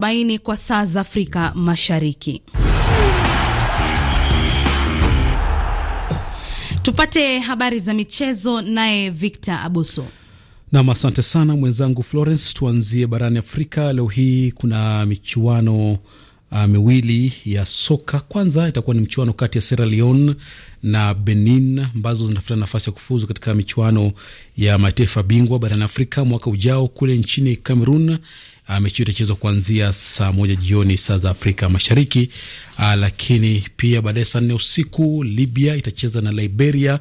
baini kwa saa za Afrika Mashariki. Tupate habari za michezo naye Victor Abuso. Nam, asante sana mwenzangu Florence. Tuanzie barani Afrika. Leo hii kuna michuano uh, miwili ya soka. Kwanza itakuwa ni mchuano kati ya Sierra Leone na Benin ambazo zinatafuta nafasi ya kufuzu katika michuano ya mataifa bingwa barani Afrika mwaka ujao kule nchini Cameroon. Uh, mechi itachezwa kuanzia saa moja jioni saa za Afrika Mashariki. Uh, lakini pia baadaye saa nne usiku Libya itacheza na Liberia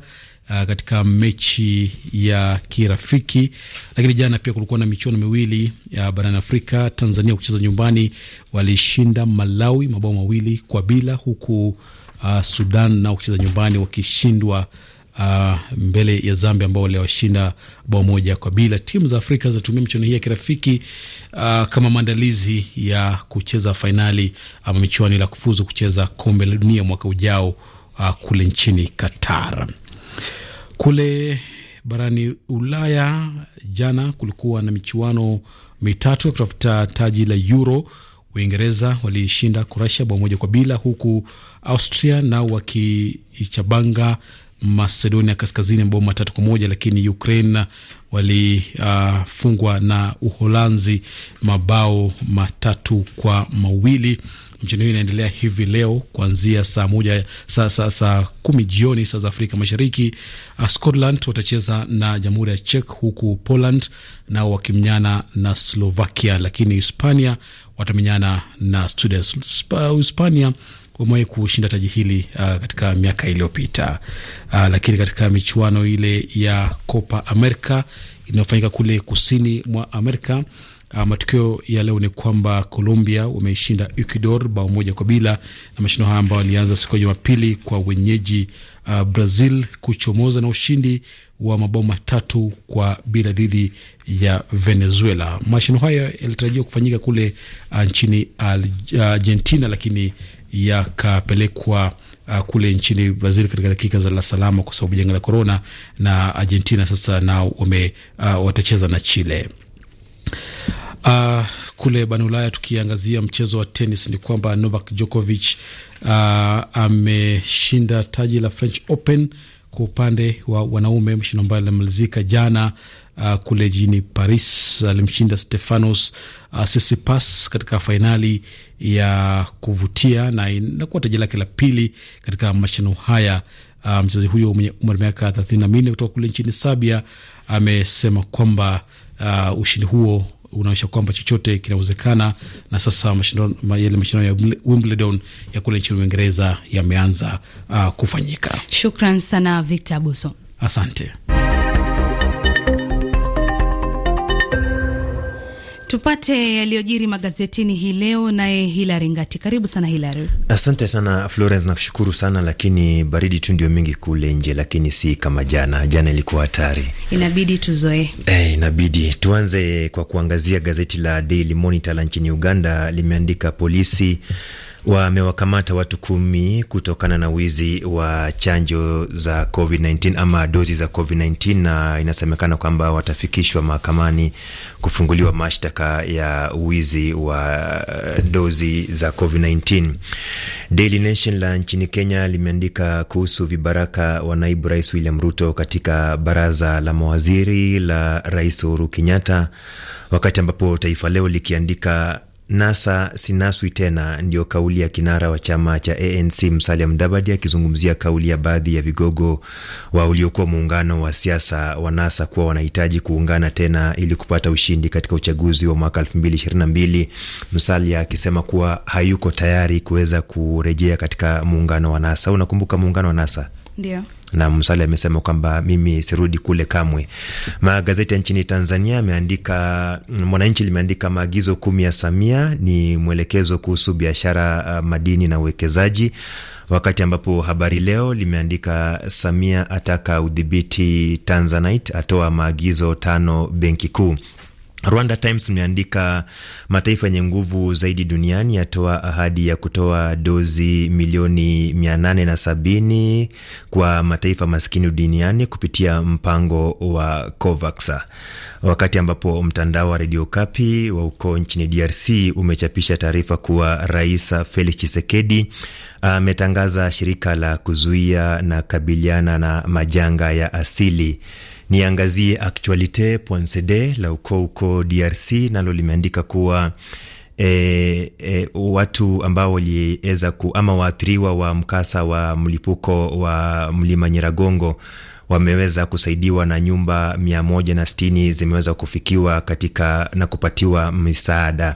Uh, katika mechi ya kirafiki. Lakini jana pia kulikuwa na michuano miwili ya barani Afrika. Tanzania kucheza nyumbani, walishinda Malawi mabao mawili kwa bila, huku uh, Sudan nao kucheza nyumbani wakishindwa uh, mbele ya Zambia ambao waliwashinda bao moja kwa bila. Timu za Afrika zinatumia michuano hii ya kirafiki uh, kama maandalizi ya kucheza fainali ama michuano la kufuzu kucheza kombe la dunia mwaka ujao uh, kule nchini Qatar. Kule barani Ulaya jana kulikuwa na michuano mitatu ya kutafuta taji la Euro. Uingereza walishinda Kroatia bao moja kwa bila, huku Austria nao wakiichabanga Macedonia Kaskazini mabao matatu kwa moja, lakini Ukraine walifungwa uh, na Uholanzi mabao matatu kwa mawili. Mchezo hiyo inaendelea hivi leo kuanzia saa moja, saa, saa, saa kumi jioni saa za Afrika Mashariki. Uh, Scotland watacheza na Jamhuri ya Czech huku Poland nao wakimnyana na Slovakia, lakini Hispania watamenyana na Sudan. Hispania wamewahi kushinda taji hili uh, katika miaka iliyopita uh, lakini katika michuano ile ya Copa America inayofanyika kule kusini mwa Amerika uh, matokeo ya leo ni kwamba Colombia wameishinda Ecuador bao moja kwa bila, na mashindano haya ambayo alianza siku ya Jumapili kwa wenyeji uh, Brazil kuchomoza na ushindi wa mabao matatu kwa bila dhidi ya Venezuela. Mashindano haya yalitarajiwa kufanyika kule uh, nchini uh, Argentina, lakini yakapelekwa uh, kule nchini Brazil katika dakika za la salama kwa sababu janga la korona, na Argentina sasa nao wame uh, watacheza na Chile. Uh, kule barani Ulaya tukiangazia mchezo wa tenis ni kwamba Novak Djokovic uh, ameshinda taji la French Open kwa upande wa wanaume, mshindano ambayo alimalizika jana uh, kule jijini Paris alimshinda Stefanos uh, katika fainali ya kuvutia na inakuwa taji lake la pili katika mashindano haya. Uh, mchezaji huyo mwenye umri miaka thelathini na minne kutoka kule nchini sabia amesema kwamba uh, ushindi huo unaonyesha kwamba chochote kinawezekana, na sasa yale mashindano ya Wimbledon ya kule nchini Uingereza yameanza uh, kufanyika. Shukran sana Victor Buso, asante. Tupate yaliyojiri magazetini hii leo, naye Hilari Ngati. Karibu sana Hilary. Asante sana Florence, nakushukuru sana lakini baridi tu ndio mingi kule nje, lakini si kama jana. Jana ilikuwa hatari, inabidi tuzoe Eh, inabidi tuanze kwa kuangazia gazeti la Daily Monitor la nchini Uganda, limeandika polisi wamewakamata watu kumi kutokana na wizi wa chanjo za COVID-19 ama dozi za COVID-19, na inasemekana kwamba watafikishwa mahakamani kufunguliwa mashtaka ya wizi wa uh, dozi za COVID-19. Daily Nation la nchini Kenya limeandika kuhusu vibaraka wa naibu rais William Ruto katika baraza la mawaziri la rais Uhuru Kenyatta, wakati ambapo Taifa Leo likiandika Nasa sinaswi tena, ndiyo kauli ya kinara wa chama cha ANC Musalia Mudavadi akizungumzia kauli ya baadhi ya vigogo wa uliokuwa muungano wa siasa wa Nasa kuwa wanahitaji kuungana tena ili kupata ushindi katika uchaguzi wa mwaka 2022, Musalia akisema kuwa hayuko tayari kuweza kurejea katika muungano wa Nasa. Unakumbuka muungano wa Nasa? Ndio na Msali amesema kwamba mimi sirudi kule kamwe. Magazeti ya nchini Tanzania ameandika, Mwananchi limeandika maagizo kumi ya Samia ni mwelekezo kuhusu biashara, uh, madini na uwekezaji, wakati ambapo Habari Leo limeandika Samia ataka udhibiti Tanzanite, atoa maagizo tano benki kuu. Rwanda Times imeandika mataifa yenye nguvu zaidi duniani yatoa ahadi ya kutoa dozi milioni mia nane na sabini kwa mataifa maskini duniani kupitia mpango wa COVAX, wakati ambapo mtandao wa redio Kapi wa uko nchini DRC umechapisha taarifa kuwa Rais Felix Tshisekedi ametangaza shirika la kuzuia na kabiliana na majanga ya asili Niangazie Actualite Poincede la uko uko DRC nalo limeandika kuwa E, e, watu ambao waliweza ku ama waathiriwa wa mkasa wa mlipuko wa mlima Nyiragongo wameweza kusaidiwa na nyumba mia moja na sitini zimeweza kufikiwa katika na kupatiwa misaada.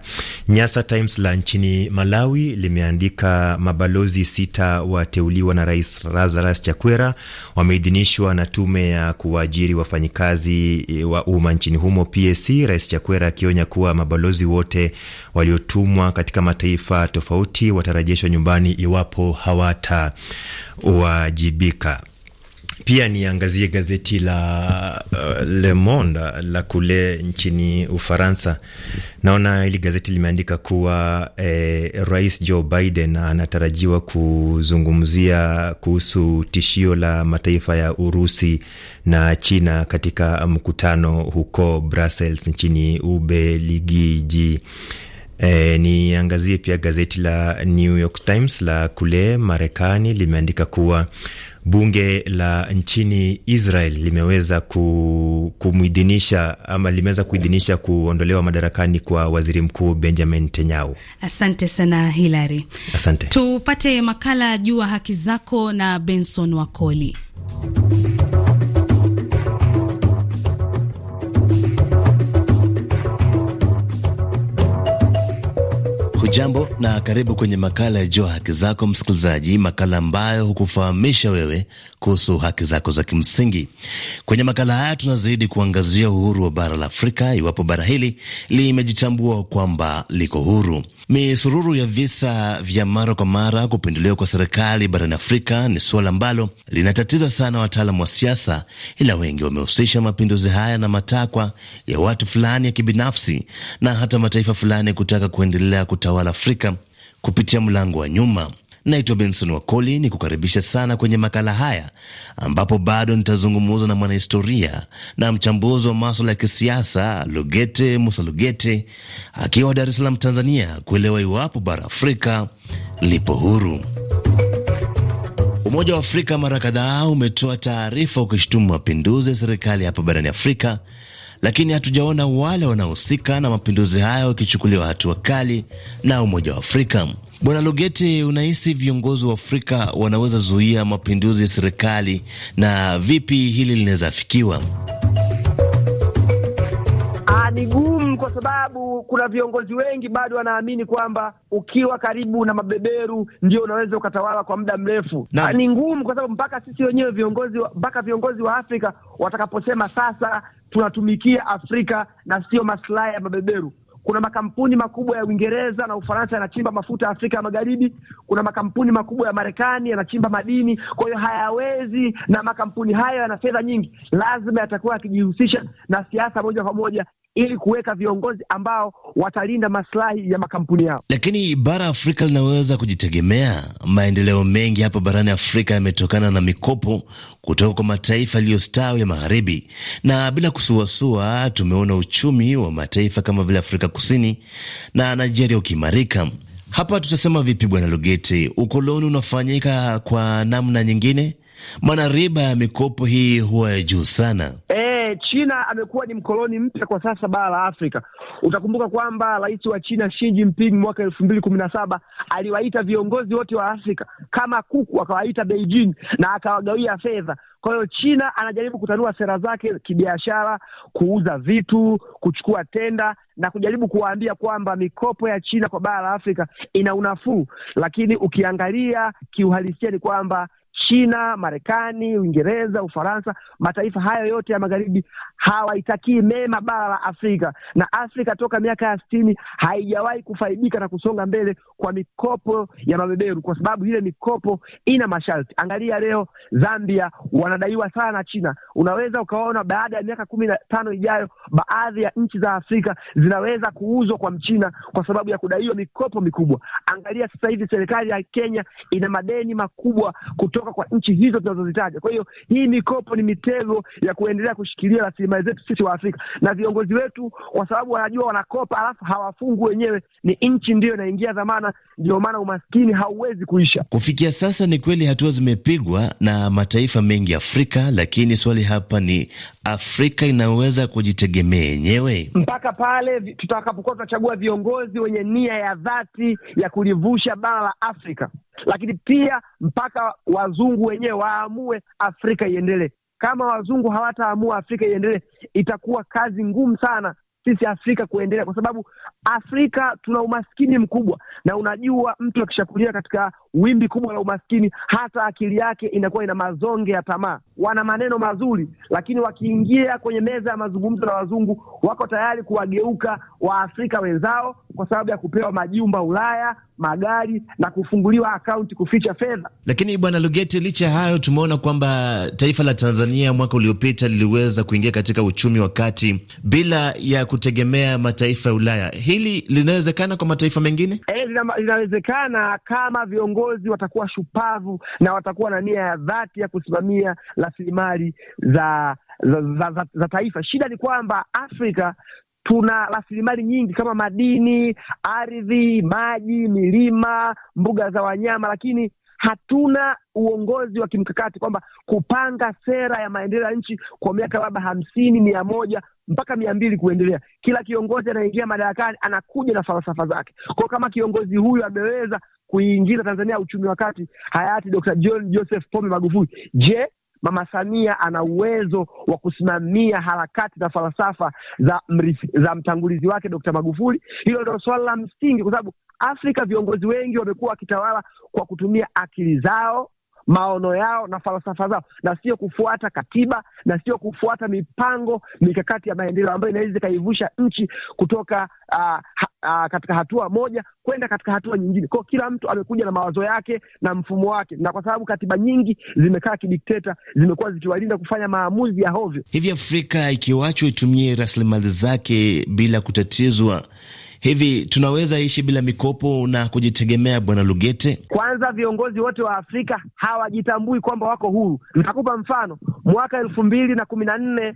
Nyasa Times la nchini Malawi limeandika mabalozi sita wateuliwa na Rais Lazarus Chakwera wameidhinishwa na tume ya kuwaajiri wafanyikazi wa umma nchini humo PSC, Rais Chakwera akionya kuwa mabalozi wote waliotumwa katika mataifa tofauti watarejeshwa nyumbani iwapo hawatawajibika. Pia niangazie gazeti la uh, Le Monde uh, la kule nchini Ufaransa. Naona hili gazeti limeandika kuwa eh, Rais Joe Biden anatarajiwa kuzungumzia kuhusu tishio la mataifa ya Urusi na China katika mkutano huko Brussels nchini Ubelgiji. E, niangazie pia gazeti la New York Times la kule Marekani limeandika kuwa bunge la nchini Israel limeweza ku, kumuidhinisha ama limeweza kuidhinisha kuondolewa madarakani kwa waziri mkuu Benjamin Netanyahu. Asante sana Hilary. Asante. Tupate makala juu ya haki zako na Benson Wakoli. Hujambo na karibu kwenye makala ya Jua Haki Zako, msikilizaji, makala ambayo hukufahamisha wewe kuhusu haki zako za kimsingi. Kwenye makala haya tunazidi kuangazia uhuru wa bara la Afrika, iwapo bara hili limejitambua kwamba liko huru. Misururu ya visa vya mara kwa mara kupinduliwa kwa serikali barani Afrika ni suala ambalo linatatiza sana wataalamu wa siasa, ila wengi wamehusisha mapinduzi haya na matakwa ya watu fulani ya kibinafsi na hata mataifa fulani kutaka kuendelea kutawala Afrika kupitia mlango wa nyuma. Naitwa Benson Wakoli, ni kukaribisha sana kwenye makala haya ambapo bado nitazungumza na mwanahistoria na mchambuzi wa maswala ya kisiasa Lugete Musa Lugete akiwa Dar es Salaam, Tanzania, kuelewa iwapo bara Afrika lipo huru. Umoja wa Afrika mara kadhaa umetoa taarifa ukishutumu mapinduzi ya serikali hapa barani Afrika, lakini hatujaona wale wanaohusika na mapinduzi hayo wakichukuliwa hatua kali na Umoja wa Afrika. Bwana lugeti unahisi viongozi wa Afrika wanaweza zuia mapinduzi ya serikali na vipi hili linaweza fikiwa? Ah, ni gumu kwa sababu kuna viongozi wengi bado wanaamini kwamba ukiwa karibu na mabeberu ndio unaweza ukatawala kwa muda mrefu. Ah, ni ngumu kwa sababu mpaka sisi wenyewe viongozi, mpaka viongozi wa Afrika watakaposema sasa tunatumikia Afrika na sio maslahi ya mabeberu, kuna makampuni makubwa ya Uingereza na Ufaransa yanachimba mafuta ya Afrika ya Magharibi. Kuna makampuni makubwa ya Marekani yanachimba madini. Kwa hiyo hayawezi, na makampuni hayo yana fedha nyingi, lazima yatakuwa yakijihusisha na siasa moja kwa moja ili kuweka viongozi ambao watalinda maslahi ya makampuni yao. Lakini bara Afrika linaweza kujitegemea. Maendeleo mengi hapa barani Afrika yametokana na mikopo kutoka kwa mataifa yaliyostawi ya magharibi, na bila kusuasua, tumeona uchumi wa mataifa kama vile Afrika Kusini na Nigeria ukiimarika. Hapa tutasema vipi, Bwana Lugete? Ukoloni unafanyika kwa namna nyingine, maana riba ya mikopo hii huwa ya juu sana e China amekuwa ni mkoloni mpya kwa sasa bara la Afrika. Utakumbuka kwamba rais wa China Xi Jinping mwaka elfu mbili kumi na saba aliwaita viongozi wote wa Afrika kama kuku, akawaita Beijing na akawagawia fedha. Kwa hiyo China anajaribu kutanua sera zake kibiashara, kuuza vitu, kuchukua tenda na kujaribu kuwaambia kwamba mikopo ya China kwa bara la Afrika ina unafuu, lakini ukiangalia kiuhalisia ni kwamba China, Marekani, Uingereza, Ufaransa, mataifa hayo yote ya magharibi hawaitakii mema bara la Afrika, na Afrika toka miaka ya sitini haijawahi kufaidika na kusonga mbele kwa mikopo ya mabeberu, kwa sababu ile mikopo ina masharti. Angalia leo Zambia wanadaiwa sana na China. Unaweza ukaona baada ya miaka kumi na tano ijayo baadhi ya nchi za Afrika zinaweza kuuzwa kwa Mchina kwa sababu ya kudaiwa mikopo mikubwa. Angalia sasa hivi serikali ya Kenya ina madeni makubwa kutoka kutoka kwa nchi hizo tunazozitaja. Kwa hiyo hii mikopo ni mitego ya kuendelea kushikilia rasilimali zetu sisi wa Afrika, na viongozi wetu kwa sababu wanajua wanakopa, alafu hawafungu wenyewe, ni nchi ndiyo inaingia dhamana. Ndio maana umaskini hauwezi kuisha. Kufikia sasa, ni kweli hatua zimepigwa na mataifa mengi Afrika, lakini swali hapa ni Afrika inaweza kujitegemea yenyewe mpaka pale tutakapokuwa tunachagua viongozi wenye nia ya dhati ya kulivusha bara la Afrika lakini pia mpaka wazungu wenyewe waamue Afrika iendelee. Kama wazungu hawataamua Afrika iendelee, itakuwa kazi ngumu sana sisi Afrika kuendelea, kwa sababu Afrika tuna umaskini mkubwa, na unajua mtu akishakulia katika wimbi kubwa la umaskini, hata akili yake inakuwa ina mazonge ya tamaa. Wana maneno mazuri, lakini wakiingia kwenye meza ya mazungumzo na wazungu, wako tayari kuwageuka Waafrika wenzao kwa sababu ya kupewa majumba Ulaya, magari na kufunguliwa akaunti kuficha fedha. Lakini bwana Lugete, licha ya hayo, tumeona kwamba taifa la Tanzania mwaka uliopita liliweza kuingia katika uchumi wa kati bila ya kutegemea mataifa ya Ulaya. Hili linawezekana kwa mataifa mengine? E, linawezekana kama viongozi watakuwa shupavu na watakuwa na nia ya dhati ya kusimamia rasilimali za za, za, za za taifa. Shida ni kwamba Afrika tuna rasilimali nyingi kama madini, ardhi, maji, milima, mbuga za wanyama, lakini hatuna uongozi wa kimkakati kwamba kupanga sera ya maendeleo ya nchi kwa miaka labda hamsini, mia moja mpaka mia mbili kuendelea. Kila kiongozi anaingia madarakani anakuja na falsafa zake. Kwa kama kiongozi huyu ameweza kuiingiza Tanzania uchumi wa kati, hayati Dr. John Joseph Pombe Magufuli, je, Mama Samia ana uwezo wa kusimamia harakati na falsafa za, za mtangulizi wake Dokta Magufuli. Hilo ndio swala la msingi, kwa sababu Afrika viongozi wengi wamekuwa wakitawala kwa kutumia akili zao maono yao na falsafa zao, na sio kufuata katiba na sio kufuata mipango mikakati ya maendeleo ambayo inaweza ikaivusha nchi kutoka uh, uh, katika hatua moja kwenda katika hatua nyingine. Kwao kila mtu amekuja na mawazo yake na mfumo wake, na kwa sababu katiba nyingi zimekaa kidikteta, zimekuwa zikiwalinda kufanya maamuzi ya hovyo. Hivi Afrika ikiwachwa itumie rasilimali zake bila kutatizwa Hivi tunaweza ishi bila mikopo na kujitegemea, Bwana Lugete? Kwanza, viongozi wote wa Afrika hawajitambui kwamba wako huru. Nitakupa mfano, mwaka elfu mbili na kumi na nne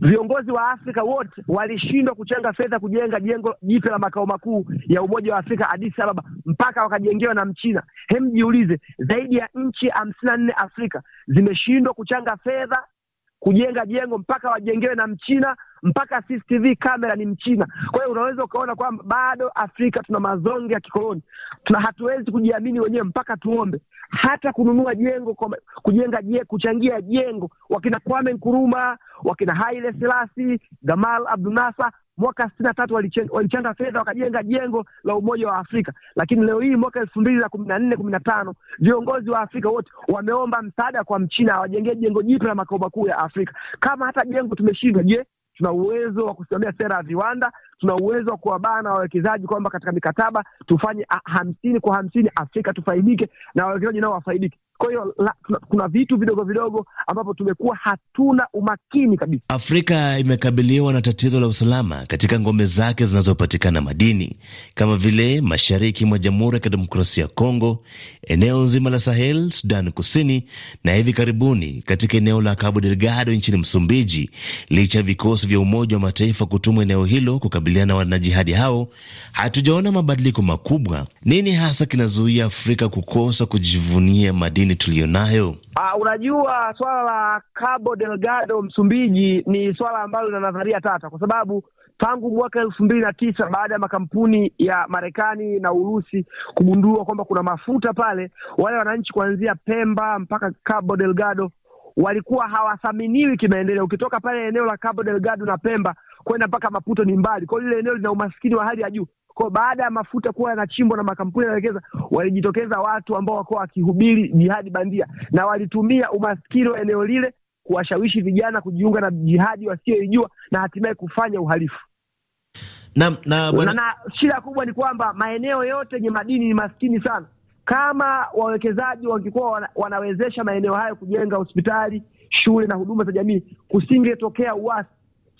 viongozi wa Afrika wote walishindwa kuchanga fedha kujenga jengo jipya la makao makuu ya Umoja wa Afrika Addis Ababa, mpaka wakajengewa na Mchina. Hem, jiulize, zaidi ya nchi hamsini na nne Afrika zimeshindwa kuchanga fedha kujenga jengo mpaka wajengewe na Mchina, mpaka CCTV kamera ni Mchina. Kwa hiyo unaweza ukaona kwamba bado Afrika tuna mazonge ya kikoloni, tuna hatuwezi kujiamini wenyewe mpaka tuombe hata kununua jengo kwa, kujenga je, kuchangia jengo. Wakina Kwame Nkuruma, wakina Haile selasi Gamal abdunasa Mwaka sitini na tatu walichanga fedha wakajenga jengo la Umoja wa Afrika, lakini leo hii mwaka elfu mbili na kumi na nne kumi na tano viongozi wa Afrika wote wameomba msaada kwa Mchina awajengee jengo jipya la makao makuu ya Afrika. Kama hata jengo tumeshindwa, je, tuna uwezo wa kusimamia sera ya viwanda? Tuna uwezo wa kuwabana wawekezaji kwamba katika mikataba tufanye hamsini kwa hamsini, Afrika tufaidike na wawekezaji nao wafaidike? Kwa hiyo kuna vitu vidogo vidogo ambapo tumekuwa hatuna umakini kabisa. Afrika imekabiliwa na tatizo la usalama katika ngome zake zinazopatikana madini kama vile mashariki mwa Jamhuri ya Kidemokrasia ya Kongo, eneo nzima la Sahel, Sudan Kusini na hivi karibuni katika eneo la Cabo Delgado nchini Msumbiji, licha ya vikosi vya Umoja wa Mataifa kutumwa eneo hilo kukabiliana na wanajihadi hao, hatujaona mabadiliko makubwa. Nini hasa kinazuia Afrika kukosa kujivunia madini nini tuliyonayo? Uh, ah, unajua swala la Cabo Delgado Msumbiji ni swala ambalo lina nadharia tata, kwa sababu tangu mwaka elfu mbili na tisa baada ya makampuni ya Marekani na Urusi kugundua kwamba kuna mafuta pale, wale wananchi kuanzia Pemba mpaka Cabo Delgado walikuwa hawathaminiwi kimaendeleo. Ukitoka pale eneo la Cabo Delgado na Pemba kwenda mpaka Maputo ni mbali, kwa hiyo lile eneo lina umaskini wa hali ya juu. Kwa baada ya mafuta kuwa yanachimbwa na makampuni yanawekeza, walijitokeza watu ambao wakuwa wakihubiri jihadi bandia na walitumia umaskini wa eneo lile kuwashawishi vijana kujiunga na jihadi wasioijua na hatimaye kufanya uhalifu. Na, na, na, na shida kubwa ni kwamba maeneo yote yenye madini ni maskini sana. Kama wawekezaji wangekuwa wana, wanawezesha maeneo hayo kujenga hospitali, shule na huduma za jamii, kusingetokea uasi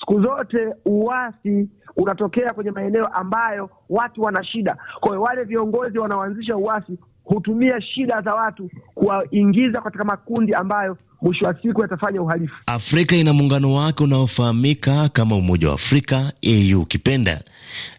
Siku zote uasi unatokea kwenye maeneo ambayo watu wana shida. Kwa hiyo wale viongozi wanaoanzisha uasi hutumia shida za watu kuwaingiza katika makundi ambayo mwisho wa siku yatafanya uhalifu. Afrika ina muungano wake unaofahamika kama Umoja wa Afrika, AU ukipenda.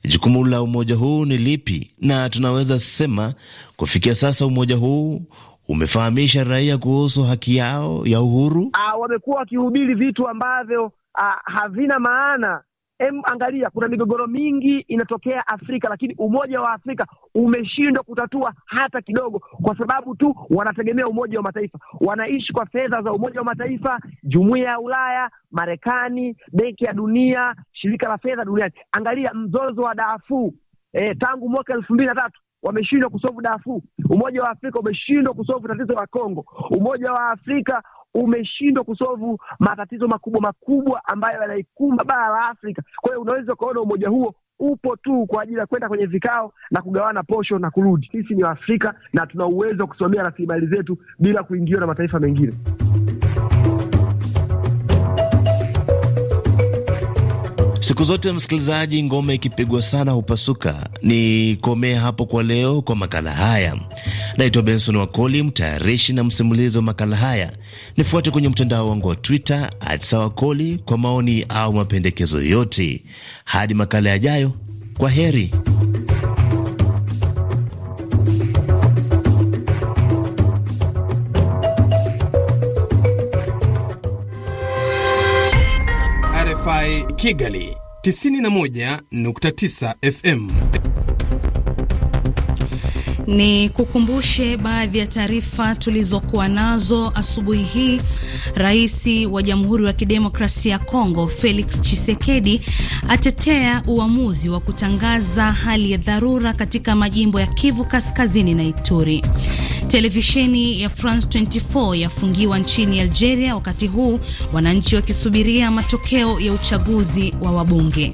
Jukumu la umoja huu ni lipi? Na tunaweza sema kufikia sasa umoja huu umefahamisha raia kuhusu haki yao ya uhuru. Ah, wamekuwa wakihubiri vitu ambavyo uh, havina maana. Em, angalia kuna migogoro mingi inatokea Afrika, lakini Umoja wa Afrika umeshindwa kutatua hata kidogo, kwa sababu tu wanategemea Umoja wa Mataifa, wanaishi kwa fedha za Umoja wa Mataifa, Jumuiya ya Ulaya, Marekani, Benki ya Dunia, Shirika la Fedha Duniani. Angalia mzozo wa Darfur e, tangu mwaka elfu mbili na tatu wameshindwa kusovu Darfur. Umoja wa Afrika umeshindwa kusovu tatizo la Kongo. Umoja wa Afrika umeshindwa kusovu matatizo makubwa makubwa ambayo yanaikumba bara la Afrika. Kwa hiyo unaweza ukaona umoja huo upo tu kwa ajili ya kwenda kwenye vikao na kugawana posho na kurudi. Sisi ni Waafrika na tuna uwezo wa kusimamia rasilimali zetu bila kuingiwa na mataifa mengine. Siku zote msikilizaji, ngoma ikipigwa sana hupasuka. Ni komee hapo kwa leo kwa makala haya. Naitwa Benson Wakoli, mtayarishi na msimulizi wa makala haya. Nifuate kwenye mtandao wangu wa Twitter Wakoli kwa maoni au mapendekezo yote. Hadi makala yajayo, kwa heri. RFI Kigali 91.9 FM. Ni kukumbushe baadhi ya taarifa tulizokuwa nazo asubuhi hii. Rais wa Jamhuri ya Kidemokrasia ya Kongo Felix Tshisekedi atetea uamuzi wa kutangaza hali ya dharura katika majimbo ya Kivu Kaskazini na Ituri. Televisheni ya France 24 yafungiwa nchini Algeria wakati huu wananchi wakisubiria matokeo ya uchaguzi wa wabunge.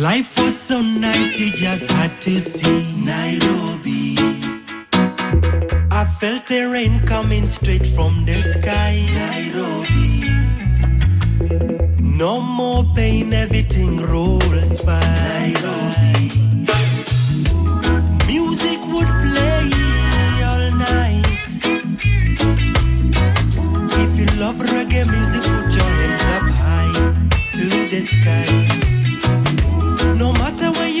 Life was so nice, you just had to see Nairobi. I felt the rain coming straight from the sky, Nairobi. No more pain, everything rolls by, Nairobi. Music would play all night. If you love reggae music, put your hands up high to the sky.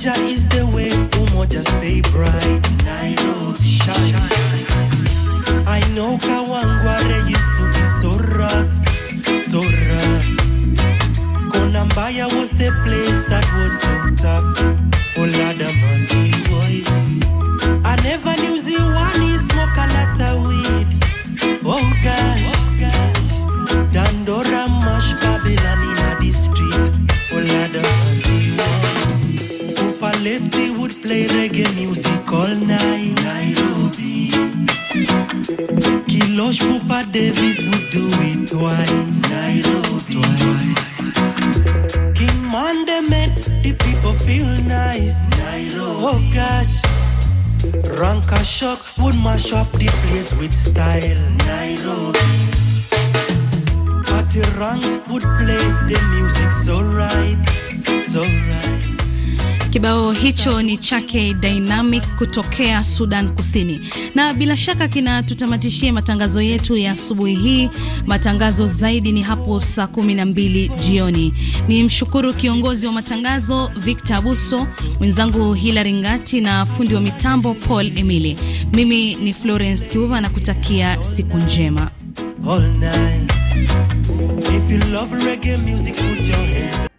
Umoja is the way, Umoja stay bright. Nairobi shine. I know Kawangware used to be so rough, so rough. Konambaya was the place that was so tough. Olada Masi was. I never knew Ziwa. call Nai Nairobi. Kilosh Pupa Davis would do it twice. Nairobi. Twice. King Monday the people feel nice. Nairobi. Oh gosh. Ranka Shock would mash up the place with style. Nairobi. Party ranks would play the music so right, so right. Kibao hicho ni chake Dynamic kutokea Sudan Kusini, na bila shaka kinatutamatishia matangazo yetu ya asubuhi hii. Matangazo zaidi ni hapo saa 12 jioni. Ni mshukuru kiongozi wa matangazo Victor Abuso, mwenzangu Hilary Ngati na fundi wa mitambo Paul emily Mimi ni Florence Kiuva na kutakia siku njema. All night. If you love reggae music, put your hands